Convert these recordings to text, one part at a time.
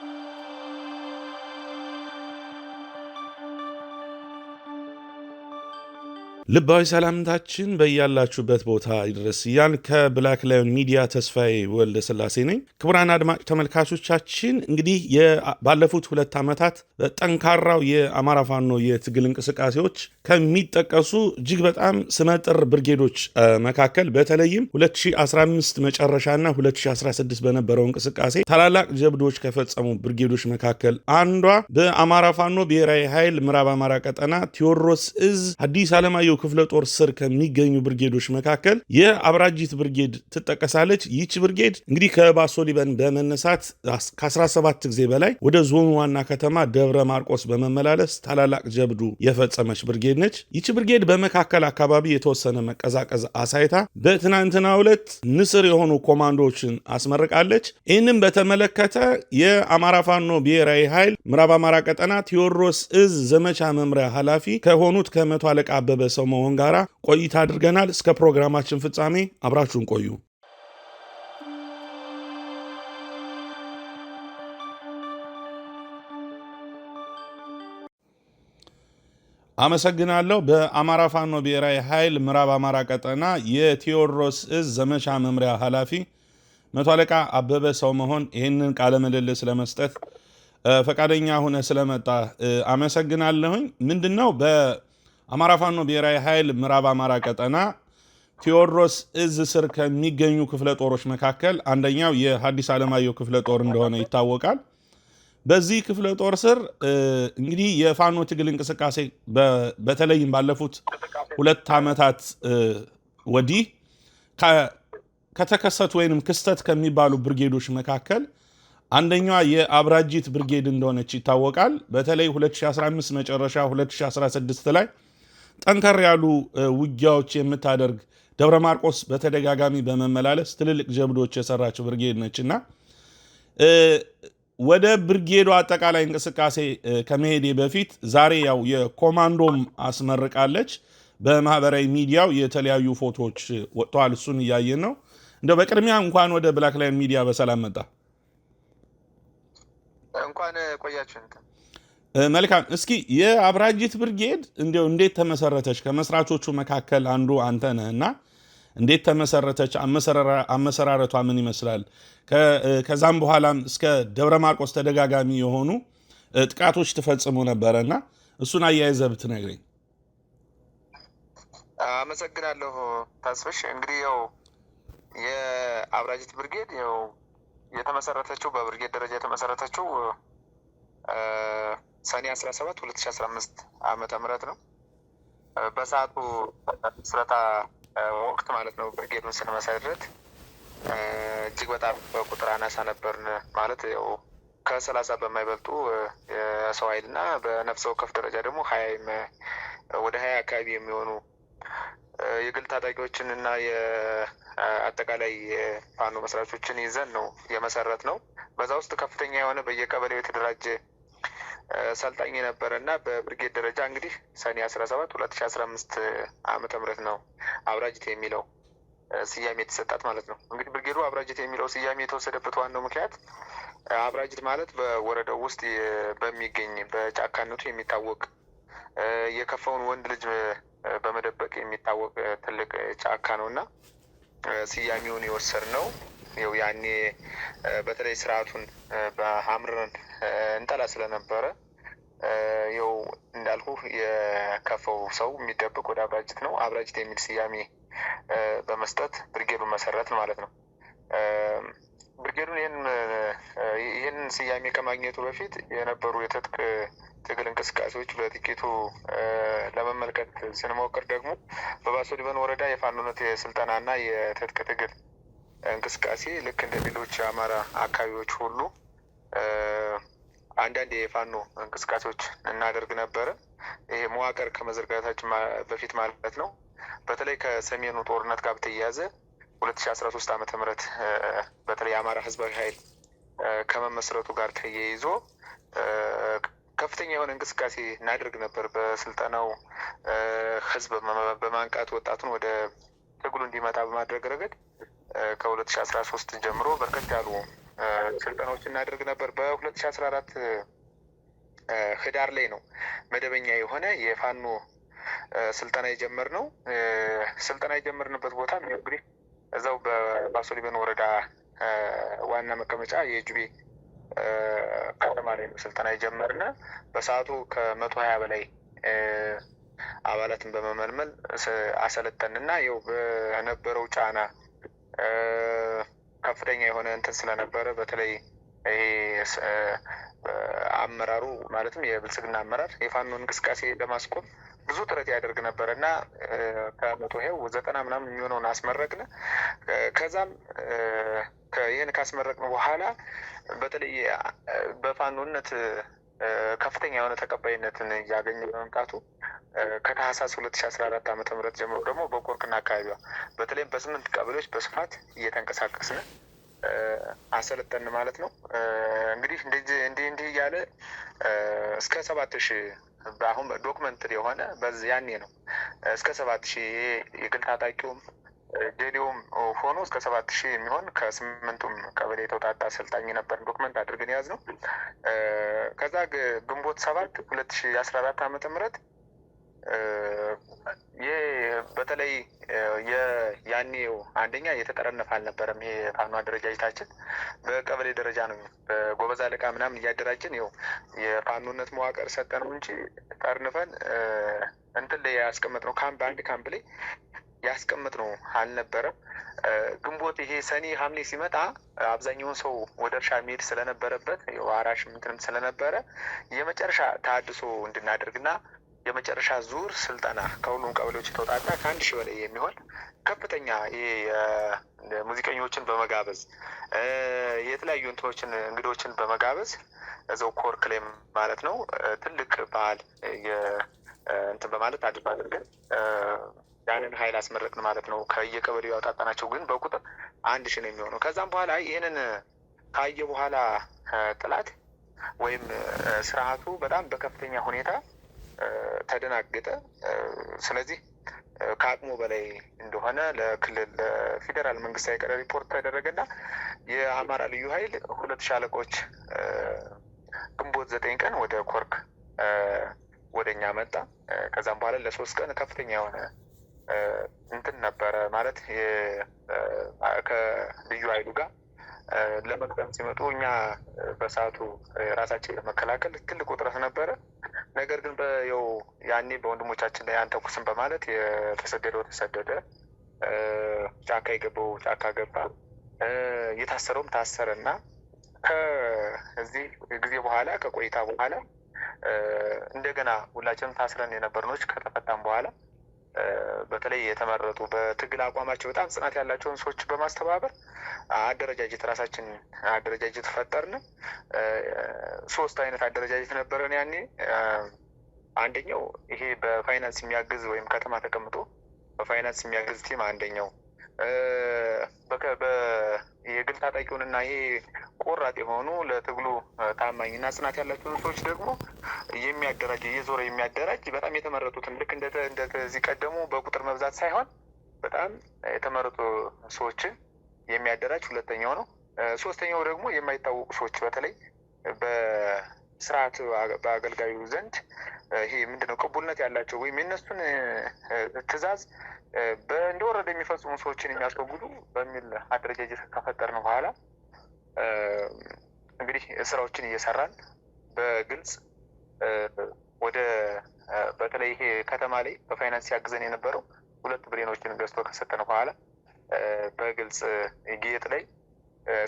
Música ልባዊ ሰላምታችን በያላችሁበት ቦታ ይድረስ እያል ከብላክ ላዮን ሚዲያ ተስፋዬ ወልደ ስላሴ ነኝ። ክቡራን አድማጭ ተመልካቾቻችን እንግዲህ ባለፉት ሁለት ዓመታት ጠንካራው የአማራ ፋኖ የትግል እንቅስቃሴዎች ከሚጠቀሱ እጅግ በጣም ስመጥር ብርጌዶች መካከል በተለይም 2015 መጨረሻና 2016 በነበረው እንቅስቃሴ ታላላቅ ጀብዶች ከፈጸሙ ብርጌዶች መካከል አንዷ በአማራ ፋኖ ብሔራዊ ኃይል ምዕራብ አማራ ቀጠና ቴዎድሮስ እዝ አዲስ አለማየሁ ክፍለ ጦር ስር ከሚገኙ ብርጌዶች መካከል የአብራጅት ብርጌድ ትጠቀሳለች። ይህች ብርጌድ እንግዲህ ከባሶ ሊበን በመነሳት ከ17 ጊዜ በላይ ወደ ዞኑ ዋና ከተማ ደብረ ማርቆስ በመመላለስ ታላላቅ ጀብዱ የፈጸመች ብርጌድ ነች። ይቺ ብርጌድ በመካከል አካባቢ የተወሰነ መቀዛቀዝ አሳይታ በትናንትና ዕለት ንስር የሆኑ ኮማንዶዎችን አስመርቃለች። ይህንም በተመለከተ የአማራ ፋኖ ብሔራዊ ኃይል ምዕራብ አማራ ቀጠና ቴዎድሮስ እዝ ዘመቻ መምሪያ ኃላፊ ከሆኑት ከመቶ አለቃ አበበ ሰው ሰው መሆን ጋር ቆይታ አድርገናል። እስከ ፕሮግራማችን ፍጻሜ አብራችሁን ቆዩ። አመሰግናለሁ። በአማራ ፋኖ ብሔራዊ ኃይል ምዕራብ አማራ ቀጠና የቴዎድሮስ እዝ ዘመቻ መምሪያ ኃላፊ መቶ አለቃ አበበ ሰው መሆን ይህንን ቃለ ምልልስ ለመስጠት ፈቃደኛ ሁነ ስለመጣ አመሰግናለሁኝ። ምንድን ነው አማራ ፋኖ ብሔራዊ ኃይል ምዕራብ አማራ ቀጠና ቴዎድሮስ እዝ ስር ከሚገኙ ክፍለ ጦሮች መካከል አንደኛው የሀዲስ ዓለማየሁ ክፍለ ጦር እንደሆነ ይታወቃል። በዚህ ክፍለ ጦር ስር እንግዲህ የፋኖ ትግል እንቅስቃሴ በተለይም ባለፉት ሁለት ዓመታት ወዲህ ከተከሰቱ ወይንም ክስተት ከሚባሉ ብርጌዶች መካከል አንደኛዋ የአብራጂት ብርጌድ እንደሆነች ይታወቃል። በተለይ 2015 መጨረሻ 2016 ላይ ጠንከር ያሉ ውጊያዎች የምታደርግ ደብረ ማርቆስ በተደጋጋሚ በመመላለስ ትልልቅ ጀብዶች የሰራችው ብርጌድ ነችና ወደ ብርጌዱ አጠቃላይ እንቅስቃሴ ከመሄዴ በፊት ዛሬ ያው የኮማንዶም አስመርቃለች። በማህበራዊ ሚዲያው የተለያዩ ፎቶዎች ወጥተዋል። እሱን እያየን ነው። እንደው በቅድሚያ እንኳን ወደ ብላክ ላይን ሚዲያ በሰላም መጣ። እንኳን ቆያችሁ። መልካም እስኪ የአብራጅት ብርጌድ እንዲያው እንዴት ተመሰረተች? ከመስራቾቹ መካከል አንዱ አንተ ነህ እና እንዴት ተመሰረተች? አመሰራረቷ ምን ይመስላል? ከዛም በኋላም እስከ ደብረ ማርቆስ ተደጋጋሚ የሆኑ ጥቃቶች ትፈጽሙ ነበረ እና እሱን አያይዘህ ብትነግረኝ። አመሰግናለሁ ተስፍሽ። እንግዲህ ያው የአብራጅት ብርጌድ ያው የተመሰረተችው በብርጌድ ደረጃ የተመሰረተችው ሰኔ አስራ ሰባት ሁለት ሺ አስራ አምስት ዓመተ ምህረት ነው። በሰዓቱ ስረታ ወቅት ማለት ነው ብርጌዱን ስንመሰረት እጅግ በጣም በቁጥር አናሳ ነበርን። ማለት ያው ከሰላሳ በማይበልጡ የሰው ኃይል እና በነፍሰ ወከፍ ደረጃ ደግሞ ሀያ ወደ ሀያ አካባቢ የሚሆኑ የግል ታጣቂዎችን እና የአጠቃላይ ፋኖ መስራቾችን ይዘን ነው የመሰረት ነው። በዛ ውስጥ ከፍተኛ የሆነ በየቀበሌው የተደራጀ ሰልጣኝ የነበረ እና በብርጌድ ደረጃ እንግዲህ ሰኔ አስራ ሰባት ሁለት ሺ አስራ አምስት አመተ ምህረት ነው አብራጅት የሚለው ስያሜ የተሰጣት ማለት ነው። እንግዲህ ብርጌዱ አብራጅት የሚለው ስያሜ የተወሰደበት ዋናው ምክንያት አብራጅት ማለት በወረዳው ውስጥ በሚገኝ በጫካነቱ የሚታወቅ የከፋውን ወንድ ልጅ በመደበቅ የሚታወቅ ትልቅ ጫካ ነው እና ስያሜውን የወሰድነው ነው። ያኔ በተለይ ስርዓቱን በአምርረን እንጠላ ስለነበረ ያው እንዳልኩ የከፈው ሰው የሚደብቅ ወደ አብራጅት ነው። አብራጅት የሚል ስያሜ በመስጠት ብርጌዱ መሰረት ማለት ነው። ብርጌዱን ይህን ስያሜ ከማግኘቱ በፊት የነበሩ የትጥቅ ትግል እንቅስቃሴዎች በጥቂቱ ለመመልከት ስንሞክር ደግሞ በባሶ ሊበን ወረዳ የፋኖነት የስልጠናና የትጥቅ ትግል እንቅስቃሴ ልክ እንደ ሌሎች የአማራ አካባቢዎች ሁሉ አንዳንድ የፋኖ እንቅስቃሴዎች እናደርግ ነበረ። ይሄ መዋቅር ከመዘርጋታችን በፊት ማለት ነው። በተለይ ከሰሜኑ ጦርነት ጋር በተያያዘ ሁለት ሺ አስራ ሶስት ዓመተ ምህረት በተለይ የአማራ ህዝባዊ ኃይል ከመመስረቱ ጋር ተያይዞ ከፍተኛ የሆነ እንቅስቃሴ እናደርግ ነበር። በስልጠናው ህዝብ በማንቃት ወጣቱን ወደ ትግሉ እንዲመጣ በማድረግ ረገድ ከሁለት ሺ አስራ ሶስት ጀምሮ በርከት ያሉ ስልጠናዎች እናደርግ ነበር። በሁለት ሺ አስራ አራት ህዳር ላይ ነው መደበኛ የሆነ የፋኖ ስልጠና የጀመርነው። ስልጠና የጀመርንበት ቦታ እንግዲህ እዛው በባሶ ሊበን ወረዳ ዋና መቀመጫ የጁቤ ከተማ ላይ ነው ስልጠና የጀመርነ። በሰዓቱ ከመቶ ሀያ በላይ አባላትን በመመልመል አሰለጠን እና ው በነበረው ጫና ከፍተኛ የሆነ እንትን ስለነበረ በተለይ ይሄ አመራሩ ማለትም የብልጽግና አመራር የፋኖ እንቅስቃሴ ለማስቆም ብዙ ጥረት ያደርግ ነበረ እና ከመቶ ሄው ዘጠና ምናምን የሚሆነውን አስመረቅን። ከዛም ይህን ካስመረቅን በኋላ በተለይ በፋኖነት ከፍተኛ የሆነ ተቀባይነትን እያገኘ በመምጣቱ ከታህሳስ አራት ዓ ም ጀምሮ ደግሞ በቆርቅና አካባቢዋ በተለይም በስምንት ቀበሌዎች በስፋት እየተንቀሳቀስን አሰለጠን ማለት ነው። እንግዲህ እንዲህ እንዲህ እያለ እስከ ሰባት ሺ አሁን ዶክመንት የሆነ ያኔ ነው እስከ ሰባት ሺ የግል ታጣቂውም ጀሌውም ሆኖ እስከ ሰባት ሺህ የሚሆን ከስምንቱም ቀበሌ የተውጣጣ አሰልጣኝ የነበርን ዶክመንት አድርገን የያዝነው ከዛ ግንቦት ሰባት ሁለት ሺህ አስራ አራት ዓመተ ምህረት ይህ በተለይ ያኔው አንደኛ የተጠረነፈ አልነበረም። ይሄ የፋኖ አደረጃጀታችን በቀበሌ ደረጃ ነው፣ በጎበዝ አለቃ ምናምን እያደራጀን ው የፋኖነት መዋቅር ሰጠ ነው እንጂ ጠርንፈን እንትን ላይ ያስቀመጥ ነው ካምፕ አንድ ካምፕ ላይ ያስቀምጥ ነው አልነበረም። ግንቦት ይሄ ሰኔ ሐምሌ ሲመጣ አብዛኛውን ሰው ወደ እርሻ የሚሄድ ስለነበረበት አራሽ ምንትንም ስለነበረ የመጨረሻ ታድሶ እንድናደርግና የመጨረሻ ዙር ስልጠና ከሁሉም ቀበሌዎች የተውጣጣ ከአንድ ሺህ በላይ የሚሆን ከፍተኛ ሙዚቀኞችን በመጋበዝ የተለያዩ እንትኖችን እንግዶችን በመጋበዝ እዛው ኮር ክሌም ማለት ነው ትልቅ በዓል እንትን በማለት አድርጓል። ግን ያንን ኃይል አስመረቅን ማለት ነው። ከየቀበሌው ያውጣጣናቸው ግን በቁጥር አንድ ሺህ ነው የሚሆነው። ከዛም በኋላ ይህንን ካየ በኋላ ጥላት ወይም ስርዓቱ በጣም በከፍተኛ ሁኔታ ተደናገጠ። ስለዚህ ከአቅሙ በላይ እንደሆነ ለክልል ለፌዴራል መንግስት ያቀረ ሪፖርት ተደረገና የአማራ ልዩ ኃይል ሁለት ሻለቆች ግንቦት ዘጠኝ ቀን ወደ ኮርክ ወደ እኛ መጣ። ከዛም በኋላ ለሶስት ቀን ከፍተኛ የሆነ እንትን ነበረ ማለት ከልዩ ኃይሉ ጋር ለመቅጠም ሲመጡ እኛ በሰዓቱ ራሳችን ለመከላከል ትልቁ ውጥረት ነበረ። ነገር ግን በየው ያኔ በወንድሞቻችን ላይ አንተኩስም በማለት የተሰደደው ተሰደደ፣ ጫካ የገባው ጫካ ገባ፣ የታሰረውም ታሰረ እና ከዚህ ጊዜ በኋላ ከቆይታ በኋላ እንደገና ሁላችንም ታስረን የነበርኖች ከተፈታም በኋላ በተለይ የተመረጡ በትግል አቋማቸው በጣም ጽናት ያላቸውን ሰዎች በማስተባበር አደረጃጀት ራሳችን አደረጃጀት ፈጠርን። ሶስት አይነት አደረጃጀት ነበረን ያኔ። አንደኛው ይሄ በፋይናንስ የሚያግዝ ወይም ከተማ ተቀምጦ በፋይናንስ የሚያግዝ ቲም አንደኛው የግል ታጣቂውንና ይሄ ቆራጥ የሆኑ ለትግሉ ታማኝና ጽናት ያላቸውን ሰዎች ደግሞ የሚያደራጅ እየዞረ የሚያደራጅ በጣም የተመረጡትን ልክ እንደዚህ ቀደሙ በቁጥር መብዛት ሳይሆን በጣም የተመረጡ ሰዎችን የሚያደራጅ ሁለተኛው ነው። ሶስተኛው ደግሞ የማይታወቁ ሰዎች በተለይ በስርዓት በአገልጋዩ ዘንድ ይሄ ምንድነው ቅቡልነት ያላቸው ወይም የነሱን ትዕዛዝ እንደወረደ የሚፈጽሙ ሰዎችን የሚያስወግዱ በሚል አደረጃጀት ከፈጠርን በኋላ እንግዲህ ስራዎችን እየሰራን በግልጽ ወደ በተለይ ይሄ ከተማ ላይ በፋይናንስ ሲያግዘን የነበረው ሁለት ብሬኖችን ገዝቶ ከሰጠን በኋላ በግልጽ ጌጥ ላይ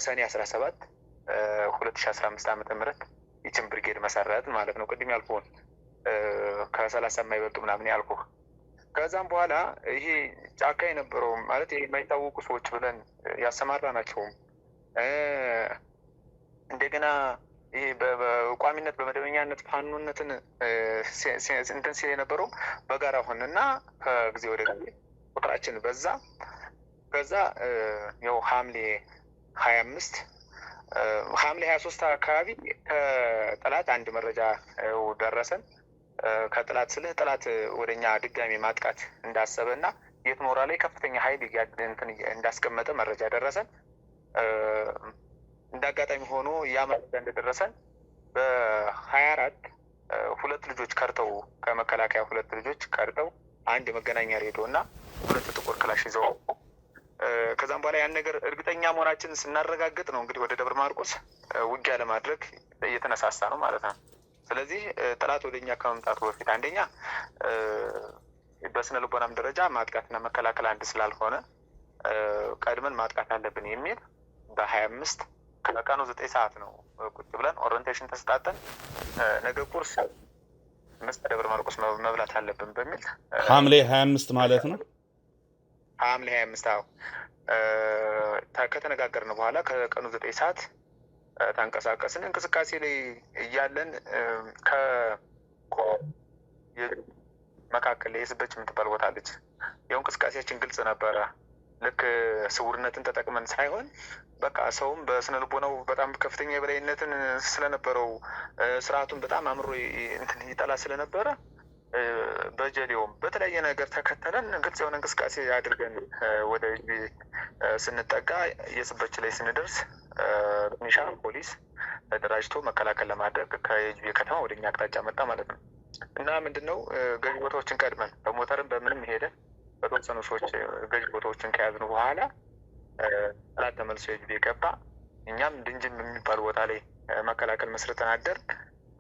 ሰኔ አስራ ሰባት ሁለት ሺ አስራ አምስት ዓመተ ምህረት ይችን ብርጌድ መሰረት ማለት ነው። ቅድም ያልኩህን ከሰላሳ የማይበልጡ ምናምን ያልኩህ ከዛም በኋላ ይሄ ጫካ የነበረውም ማለት ይሄ የማይታወቁ ሰዎች ብለን ያሰማራ ናቸውም እንደገና ይሄ በቋሚነት በመደበኛነት ፋኖነትን እንትን ሲል የነበረው በጋራ ሆን እና ከጊዜ ወደ ጊዜ ቁጥራችን በዛ በዛ ያው ሐምሌ ሀያ አምስት ሐምሌ ሀያ ሶስት አካባቢ ከጠላት አንድ መረጃ ደረሰን። ከጥላት ስልህ ጥላት ወደኛ ድጋሚ ማጥቃት እንዳሰበ እና የት ሞራ ላይ ከፍተኛ ኃይል እንትን እንዳስቀመጠ መረጃ ደረሰን። እንደ አጋጣሚ ሆኖ ያ መረጃ እንደደረሰን በሀያ አራት ሁለት ልጆች ከርተው ከመከላከያ ሁለት ልጆች ከርተው አንድ የመገናኛ ሬዲዮ እና ሁለት ጥቁር ክላሽ ይዘው ከዛም በኋላ ያን ነገር እርግጠኛ መሆናችንን ስናረጋግጥ ነው እንግዲህ ወደ ደብረ ማርቆስ ውጊያ ለማድረግ እየተነሳሳ ነው ማለት ነው። ስለዚህ ጠላት ወደ ከመምጣቱ በፊት አንደኛ በስነ ልቦናም ደረጃ ማጥቃትና መከላከል አንድ ስላልሆነ ቀድመን ማጥቃት አለብን የሚል በሀያ አምስት ከቀኑ ዘጠኝ ሰዓት ነው ቁጭ ብለን ኦሪንቴሽን ተሰጣጠን ነገ ቁርስ ምስ ደብረ ማርቆስ መብላት አለብን በሚል ሐምሌ ሀያ አምስት ማለት ነው። ሐምሌ ሀያ አምስት አዎ ከተነጋገርን በኋላ ከቀኑ ዘጠኝ ሰዓት ተንቀሳቀስን እንቅስቃሴ ላይ እያለን መካከል ላይ የስበች የምትባል ቦታ አለች። ያው እንቅስቃሴያችን ግልጽ ነበረ። ልክ ስውርነትን ተጠቅመን ሳይሆን በቃ ሰውም በስነ ልቦናው በጣም ከፍተኛ የበላይነትን ስለነበረው ስርዓቱን በጣም አምሮ ይጠላ ስለነበረ በጀሌውም በተለያየ ነገር ተከተለን ግልጽ የሆነ እንቅስቃሴ አድርገን ወደ ስንጠጋ የስበች ላይ ስንደርስ ሚሻ ፖሊስ ተደራጅቶ መከላከል ለማድረግ ከጅቤ ከተማ ወደ እኛ አቅጣጫ መጣ ማለት ነው። እና ምንድነው ገዥ ቦታዎችን ቀድመን በሞተርም በምንም ሄደን በተወሰኑ ሰዎች ገዥ ቦታዎችን ከያዝን በኋላ ጠላት ተመልሶ የጅቤ ገባ። እኛም ድንጅም የሚባል ቦታ ላይ መከላከል መስርተን አደር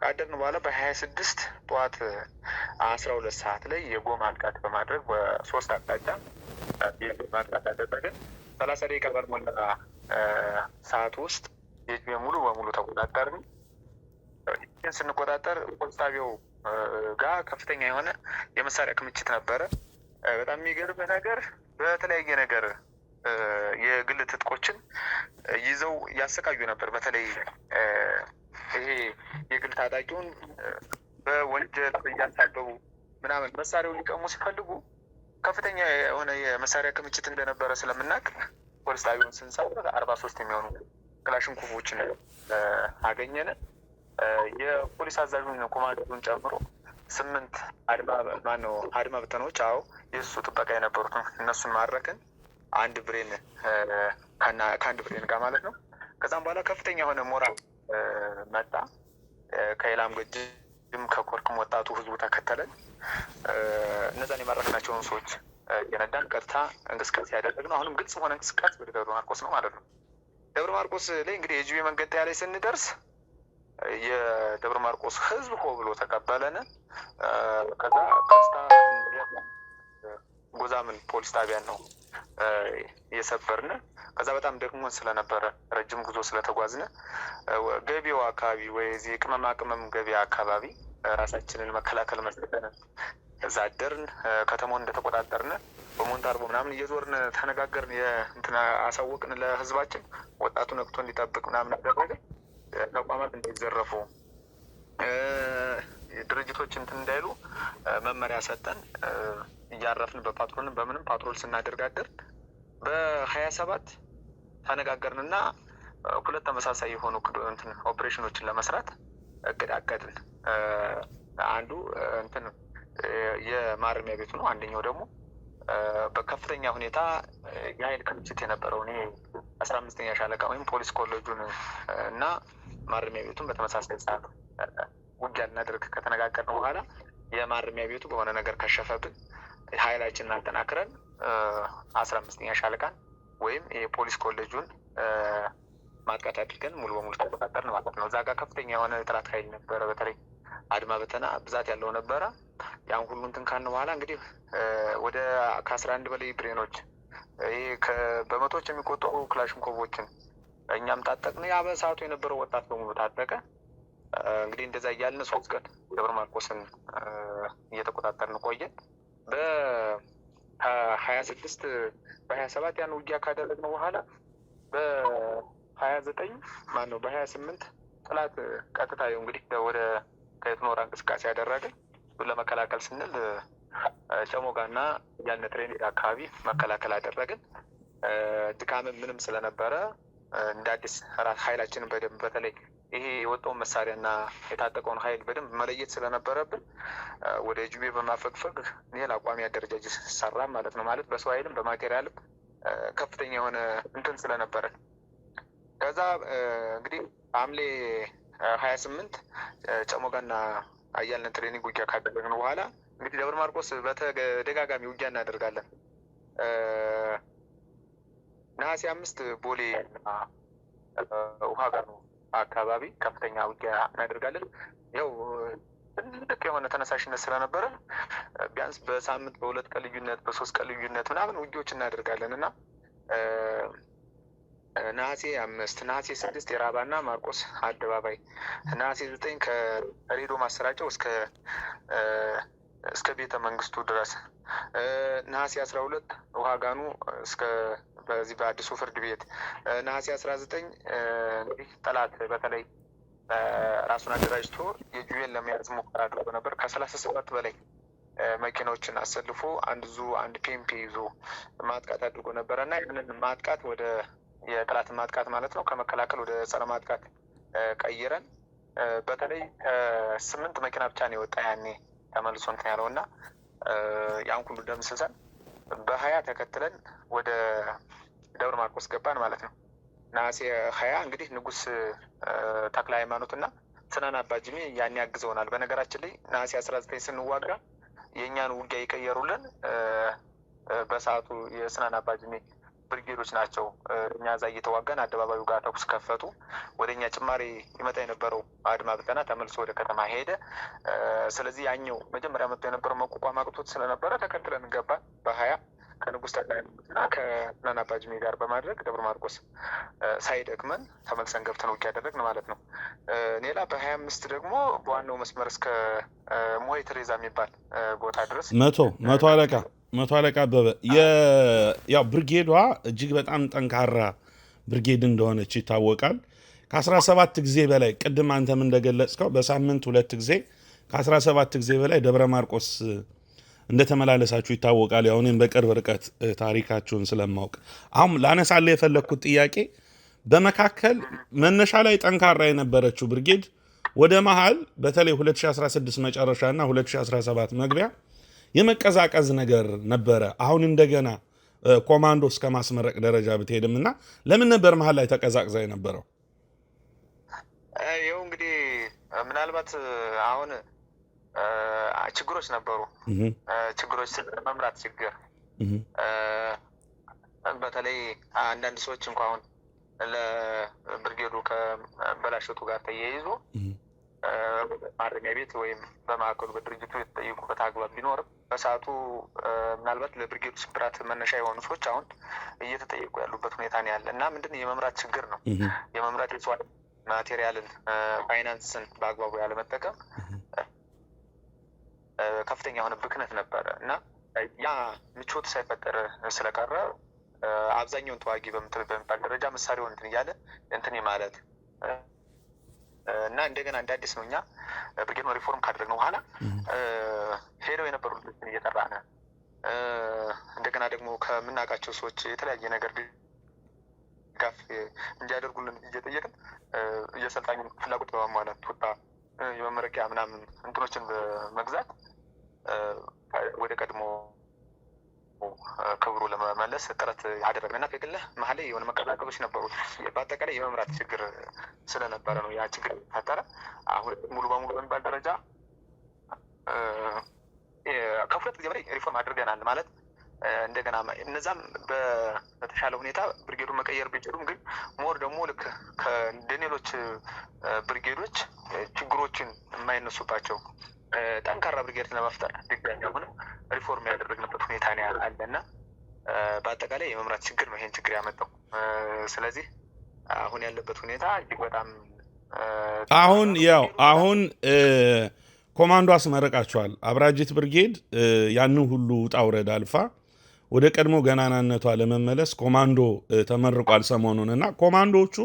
ከአደርን በኋላ በሀያ ስድስት ጠዋት አስራ ሁለት ሰዓት ላይ የጎማ አጥቃት በማድረግ በሶስት አቅጣጫ የጎማ አጥቃት አደረግን። ሰላሳ ደቂቃ ባልሞላ ሰዓት ውስጥ የእድሜ ሙሉ በሙሉ ተቆጣጠርን። ይህን ስንቆጣጠር ቆጣቢው ጋር ከፍተኛ የሆነ የመሳሪያ ክምችት ነበረ። በጣም የሚገርም ነገር በተለያየ ነገር የግል ትጥቆችን ይዘው ያሰቃዩ ነበር። በተለይ ይሄ የግል ታጣቂውን በወንጀል እያሳበቡ ምናምን መሳሪያው ሊቀሙ ሲፈልጉ ከፍተኛ የሆነ የመሳሪያ ክምችት እንደነበረ ስለምናውቅ ፖሊስ ጣቢያውን ስንሰራ አርባ ሶስት የሚሆኑ ክላሽንኮፎችን አገኘን። የፖሊስ አዛዡን ኮማንዶን ጨምሮ ስምንት አድማ ማነው አድማ ብተኖች፣ አዎ የእሱ ጥበቃ የነበሩት እነሱን ማድረክን አንድ ብሬን ከአንድ ብሬን ጋር ማለት ነው። ከዛም በኋላ ከፍተኛ የሆነ ሞራል መጣ። ከሌላም ግድም ከኮርክም ወጣቱ ህዝቡ ተከተለን። እነዛን የማድረክናቸውን ሰዎች የነዳን ቀጥታ እንቅስቃሴ ነው። አሁንም ግልጽ ሆነ እንቅስቃሴ ወደ ደብረ ማርቆስ ነው ማለት ነው። ደብረ ማርቆስ ላይ እንግዲህ የጅቢ መንገጣያ ላይ ስንደርስ የደብረ ማርቆስ ህዝብ ሆ ብሎ ተቀበለን። ከዛ ቀጥታ ጎዛምን ፖሊስ ጣቢያን ነው እየሰበርን ከዛ በጣም ደክሞን ስለነበረ ረጅም ጉዞ ስለተጓዝን ገቢው አካባቢ ወይ ቅመማ ቅመም ገቢያ አካባቢ ራሳችንን መከላከል መስጠተን እዛ አደርን። ከተማውን እንደተቆጣጠርን በሞንታርቦ ምናምን እየዞርን ተነጋገርን፣ እንትን አሳወቅን ለህዝባችን። ወጣቱ ነቅቶ እንዲጠብቅ ምናምን አደረገ። ተቋማት እንዳይዘረፉ ድርጅቶች እንትን እንዳይሉ መመሪያ ሰጠን። እያረፍን በፓትሮል በምንም ፓትሮል ስናደርጋደር በሀያ ሰባት እና ሁለት ተመሳሳይ የሆኑ እንትን ኦፕሬሽኖችን ለመስራት እቅድ አቀድን። አንዱ እንትን የማረሚያ ቤቱ ነው። አንደኛው ደግሞ በከፍተኛ ሁኔታ የኃይል ክምችት የነበረው እኔ አስራ አምስተኛ ሻለቃ ወይም ፖሊስ ኮሌጁን እና ማረሚያ ቤቱን በተመሳሳይ ሰዓት ውጊያ ልናደርግ ከተነጋገርን በኋላ የማረሚያ ቤቱ በሆነ ነገር ከሸፈብን ኃይላችንን አጠናክረን አስራ አምስተኛ ሻለቃን ወይም የፖሊስ ኮሌጁን ማጥቃት አድርገን ሙሉ በሙሉ ተቆጣጠርን ማለት ነው። እዛ ጋር ከፍተኛ የሆነ የጥራት ኃይል ነበረ። በተለይ አድማ በተና ብዛት ያለው ነበረ። ያን ሁሉ እንትን ካን በኋላ እንግዲህ ወደ ከአስራ አንድ በላይ ብሬኖች ይህ በመቶዎች የሚቆጠሩ ክላሽንኮቮችን እኛም ታጠቅን። ያ በሰዓቱ የነበረው ወጣት በሙሉ ታጠቀ። እንግዲህ እንደዛ እያልን ሶስት ቀን ደብረ ማርቆስን እየተቆጣጠርን ቆየን። በሀያ ስድስት በሀያ ሰባት ያን ውጊያ ካደረግነው በኋላ በሀያ ዘጠኝ ማነው በሀያ ስምንት ጠላት ቀጥታ እንግዲህ ወደ ከየት ኖራ እንቅስቃሴ ያደረግን ለመከላከል ስንል ጨሞጋና ያለ ትሬኒ አካባቢ መከላከል አደረግን። ድካም ምንም ስለነበረ እንደ አዲስ ራስ ኃይላችንን በደንብ በተለይ ይሄ የወጣውን መሳሪያና የታጠቀውን ኃይል በደንብ መለየት ስለነበረብን ወደ ጁቤ በማፈግፈግ ሌላ አቋሚ አደረጃጀት ሰራ ማለት ነው። ማለት በሰው ኃይልም በማቴሪያልም ከፍተኛ የሆነ እንትን ስለነበረን ከዛ እንግዲህ ሐምሌ ሀያ ስምንት ጨሞጋና አያልን ትሬኒንግ ውጊያ ካደረግን በኋላ እንግዲህ ደብረ ማርቆስ በተደጋጋሚ ውጊያ እናደርጋለን። ነሐሴ አምስት ቦሌ እና ውሃ ነው አካባቢ ከፍተኛ ውጊያ እናደርጋለን። ያው ትልቅ የሆነ ተነሳሽነት ስለነበረ ቢያንስ በሳምንት በሁለት ቀን ልዩነት፣ በሶስት ቀን ልዩነት ምናምን ውጊዎች እናደርጋለን እና ነሐሴ አምስት ነሐሴ ስድስት የራባ የራባና ማርቆስ አደባባይ፣ ነሐሴ ዘጠኝ ከሬዲዮ ማሰራጫው እስከ እስከ ቤተ መንግስቱ ድረስ፣ ነሐሴ አስራ ሁለት ውሃ ጋኑ እስከ በዚህ በአዲሱ ፍርድ ቤት፣ ነሐሴ አስራ ዘጠኝ እንግዲህ ጠላት በተለይ ራሱን አደራጅቶ የጁዌን ለመያዝ ሙከራ አድርጎ ነበር ከሰላሳ ሰባት በላይ መኪናዎችን አሰልፎ አንድ ዙ አንድ ፔምፔ ይዞ ማጥቃት አድርጎ ነበረ እና ያንን ማጥቃት ወደ የጥላት ማጥቃት ማለት ነው ከመከላከል ወደ ጸረ ማጥቃት ቀይረን በተለይ ስምንት መኪና ብቻ ነው የወጣ ያኔ ተመልሶ እንትን ያለው እና ያን ሁሉ ደምስሰን በሀያ ተከትለን ወደ ደብረ ማርቆስ ገባን ማለት ነው። ነሐሴ ሀያ እንግዲህ ንጉስ ተክለ ሃይማኖት እና ስናን አባጅሜ ያኔ ያግዘውናል። በነገራችን ላይ ነሐሴ አስራ ዘጠኝ ስንዋጋ የእኛን ውጊያ ይቀየሩልን በሰዓቱ የስናን አባጅሜ ብርጌዶች ናቸው። እኛ እዛ እየተዋጋን አደባባዩ ጋር ተኩስ ከፈቱ። ወደ እኛ ጭማሪ ይመጣ የነበረው አድማ ብጠና ተመልሶ ወደ ከተማ ሄደ። ስለዚህ ያኛው መጀመሪያ መጥቶ የነበረው መቋቋም አቅቶት ስለነበረ ተከትለን ገባን በሀያ ከንጉስ ጠቅላይና ከናና ጋር በማድረግ ደብረ ማርቆስ ሳይደክመን ተመልሰን ገብተን ውጊያ ያደረግን ማለት ነው። ሌላ በሀያ አምስት ደግሞ በዋናው መስመር እስከ ሞይ ትሬዛ የሚባል ቦታ ድረስ መቶ መቶ አለቃ መቶ አለቃ አበበ ያው ብርጌዷ እጅግ በጣም ጠንካራ ብርጌድ እንደሆነች ይታወቃል። ከ17 ጊዜ በላይ ቅድም አንተም እንደገለጽከው በሳምንት ሁለት ጊዜ ከ17 ጊዜ በላይ ደብረ ማርቆስ እንደተመላለሳችሁ ይታወቃል። ያው እኔም በቅርብ ርቀት ታሪካችሁን ስለማውቅ አሁን ላነሳለ የፈለግኩት ጥያቄ በመካከል መነሻ ላይ ጠንካራ የነበረችው ብርጌድ ወደ መሀል በተለይ 2016 መጨረሻ እና 2017 መግቢያ የመቀዛቀዝ ነገር ነበረ። አሁን እንደገና ኮማንዶ እስከ ማስመረቅ ደረጃ ብትሄድም እና ለምን ነበር መሀል ላይ ተቀዛቅዛ የነበረው? ይኸው እንግዲህ ምናልባት አሁን ችግሮች ነበሩ። ችግሮች መምራት ችግር በተለይ አንዳንድ ሰዎች እንኳ አሁን ለብርጌዱ ከበላሸቱ ጋር ተያይዞ ማረሚያ ቤት ወይም በማዕከሉ በድርጅቱ የተጠየቁበት አግባብ ቢኖርም በሰዓቱ ምናልባት ለብርጌዱ ስብራት መነሻ የሆኑ ሰዎች አሁን እየተጠየቁ ያሉበት ሁኔታ ነው ያለ እና ምንድን የመምራት ችግር ነው። የመምራት የሰው ማቴሪያልን፣ ፋይናንስን በአግባቡ ያለመጠቀም ከፍተኛ የሆነ ብክነት ነበረ እና ያ ምቾት ሳይፈጠር ስለቀረ አብዛኛውን ተዋጊ በምትል በሚባል ደረጃ መሳሪያውን እንትን እያለ እንትን ማለት እና እንደገና እንደ አዲስ ነው እኛ ብርጌድ ሪፎርም ካደረግነው በኋላ ሄደው የነበሩ ልጆችን እየጠራ ነ እንደገና ደግሞ ከምናውቃቸው ሰዎች የተለያየ ነገር ድጋፍ እንዲያደርጉልን እየጠየቅን የሰልጣኝ ፍላጎት በማሟላት ቱታ የመመረቂያ ምናምን እንትኖችን በመግዛት ወደ ቀድሞ ክብሩ ለመመለስ ጥረት ያደረግና ከግለ መሀል የሆነ መቀላቀሎች ነበሩ። በአጠቃላይ የመምራት ችግር ስለነበረ ነው ያ ችግር ፈጠረ። አሁን ሙሉ በሙሉ በሚባል ደረጃ ከሁለት ጊዜ በላይ ሪፎርም አድርገናል ማለት እንደገና እነዛም በተሻለ ሁኔታ ብርጌዱን መቀየር ቢችሉም ግን ሞር ደግሞ ልክ እንደ ሌሎች ብርጌዶች ችግሮችን የማይነሱባቸው ጠንካራ ብርጌድ ለመፍጠር ድጋሚ አሁንም ሪፎርም ያደረግንበት ሁኔታ አለና በአጠቃላይ የመምራት ችግር ነው ይሄን ችግር ያመጣው። ስለዚህ አሁን ያለበት ሁኔታ እጅግ በጣም አሁን ያው አሁን ኮማንዶ አስመረቃቸዋል አብራጅት ብርጌድ ያንን ሁሉ ውጣ ውረድ አልፋ ወደ ቀድሞ ገናናነቷ ለመመለስ ኮማንዶ ተመርቋል ሰሞኑን እና ኮማንዶዎቹ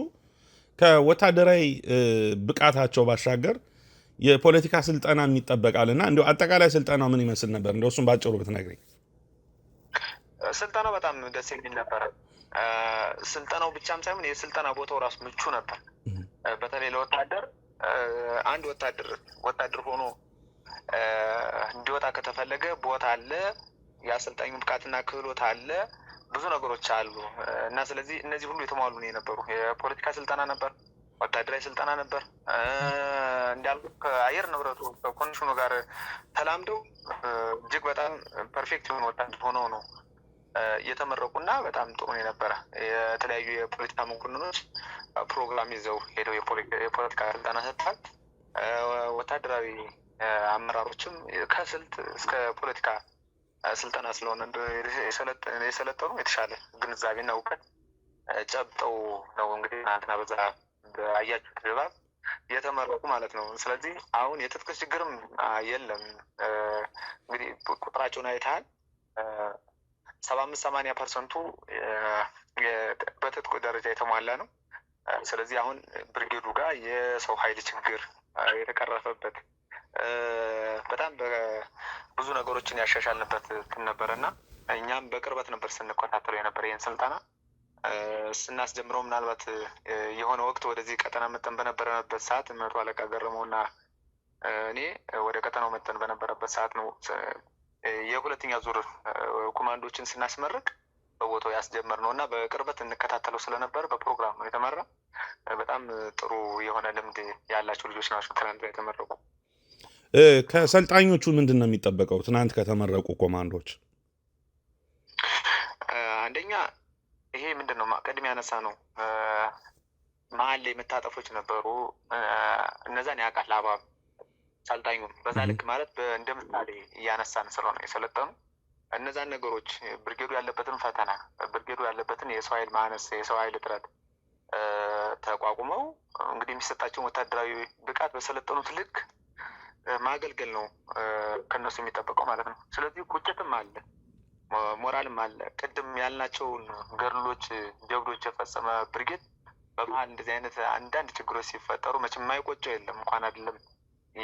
ከወታደራዊ ብቃታቸው ባሻገር የፖለቲካ ስልጠና ይጠበቃልና እንዲ አጠቃላይ ስልጠናው ምን ይመስል ነበር? እንደ እሱም በአጭሩ ብትነግረኝ። ስልጠናው በጣም ደስ የሚል ነበረ። ስልጠናው ብቻም ሳይሆን የስልጠና ቦታው ራሱ ምቹ ነበር። በተለይ ለወታደር አንድ ወታደር ወታደር ሆኖ እንዲወጣ ከተፈለገ ቦታ አለ፣ የአሰልጣኙ ብቃትና ክህሎት አለ፣ ብዙ ነገሮች አሉ እና ስለዚህ እነዚህ ሁሉ የተሟሉ ነው የነበሩ። የፖለቲካ ስልጠና ነበር። ወታደራዊ ስልጠና ነበር እንዳልኩ ከአየር ንብረቱ ከኮንዲሽኑ ጋር ተላምደው እጅግ በጣም ፐርፌክት የሆኑ ወታደር ሆነው ነው የተመረቁና በጣም ጥሩ የነበረ የተለያዩ የፖለቲካ መኮንኖች ፕሮግራም ይዘው ሄደው የፖለቲካ ስልጠና ሰጥቷል። ወታደራዊ አመራሮችም ከስልት እስከ ፖለቲካ ስልጠና ስለሆነ የሰለጠኑ የተሻለ ግንዛቤና እውቀት ጨብጠው ነው እንግዲህ ትናንትና በዛ አያችሁት ድባብ የተመረቁ ማለት ነው። ስለዚህ አሁን የትጥቅ ችግርም የለም። እንግዲህ ቁጥራቸውን አይተሃል። ሰባ አምስት ሰማንያ ፐርሰንቱ በትጥቁ ደረጃ የተሟላ ነው። ስለዚህ አሁን ብርጌዱ ጋር የሰው ኃይል ችግር የተቀረፈበት በጣም ብዙ ነገሮችን ያሻሻልንበት ነበረ እና እኛም በቅርበት ነበር ስንከታተለው የነበረ ይህን ስልጠና ስናስጀምረው ምናልባት የሆነ ወቅት ወደዚህ ቀጠና መጠን በነበረበት ሰዓት መቶ አለቃ ገረመውና እኔ ወደ ቀጠናው መጠን በነበረበት ሰዓት ነው የሁለተኛ ዙር ኮማንዶችን ስናስመርቅ በቦታው ያስጀመር ነው እና በቅርበት እንከታተለው ስለነበር በፕሮግራም ነው የተመራ። በጣም ጥሩ የሆነ ልምድ ያላቸው ልጆች ናቸው ትናንት የተመረቁ። ከሰልጣኞቹ ምንድን ነው የሚጠበቀው? ትናንት ከተመረቁ ኮማንዶች የተነሳ ነው መሀል ላይ መታጠፎች ነበሩ። እነዛን ያውቃል አባብ ሰልጣኙም በዛ ልክ ማለት እንደ ምሳሌ እያነሳን ስለሆነ የሰለጠኑ እነዛን ነገሮች ብርጌዱ ያለበትን ፈተና ብርጌዱ ያለበትን የሰው ኃይል ማነስ የሰው ኃይል እጥረት ተቋቁመው እንግዲህ የሚሰጣቸውን ወታደራዊ ብቃት በሰለጠኑት ልክ ማገልገል ነው ከነሱ የሚጠበቀው ማለት ነው። ስለዚህ ቁጭትም አለ ሞራልም አለ። ቅድም ያልናቸውን ገድሎች፣ ጀብዶች የፈጸመ ብርጌድ በመሀል እንደዚህ አይነት አንዳንድ ችግሮች ሲፈጠሩ መቼም የማይቆጨው የለም። እንኳን አይደለም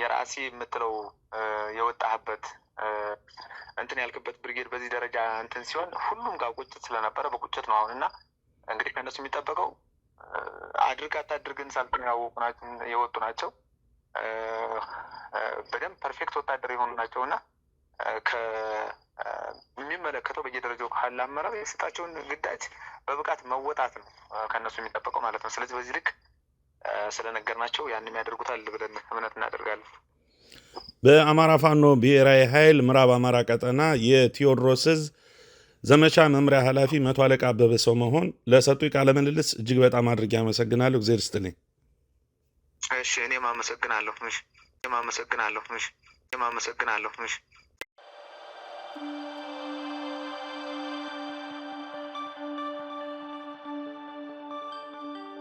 የራሴ የምትለው የወጣህበት እንትን ያልክበት ብርጌድ በዚህ ደረጃ እንትን ሲሆን ሁሉም ጋር ቁጭት ስለነበረ በቁጭት ነው አሁን እና እንግዲህ ከእነሱ የሚጠበቀው አድርግ አታድርግን ሳልጥን ያወቁ የወጡ ናቸው። በደንብ ፐርፌክት ወታደር የሆኑ ናቸው እና የሚመለከተው በየደረጃው ካለ አመራር የሰጣቸውን ግዳጅ በብቃት መወጣት ነው ከእነሱ የሚጠበቀው ማለት ነው። ስለዚህ በዚህ ልክ ስለነገርናቸው ያንም ያደርጉታል ብለን እምነት እናደርጋለን። በአማራ ፋኖ ብሔራዊ ኃይል ምዕራብ አማራ ቀጠና የቴዎድሮስ እዝ ዘመቻ መምሪያ ኃላፊ መቶ አለቃ አበበ ሰው መሆን ለሰጡ ቃለ ምልልስ እጅግ በጣም አድርጌ አመሰግናለሁ። እግዜር ይስጥልኝ። እሺ እኔም አመሰግናለሁ። እሺ እኔም አመሰግናለሁ። እሺ እኔም አመሰግናለሁ። እሺ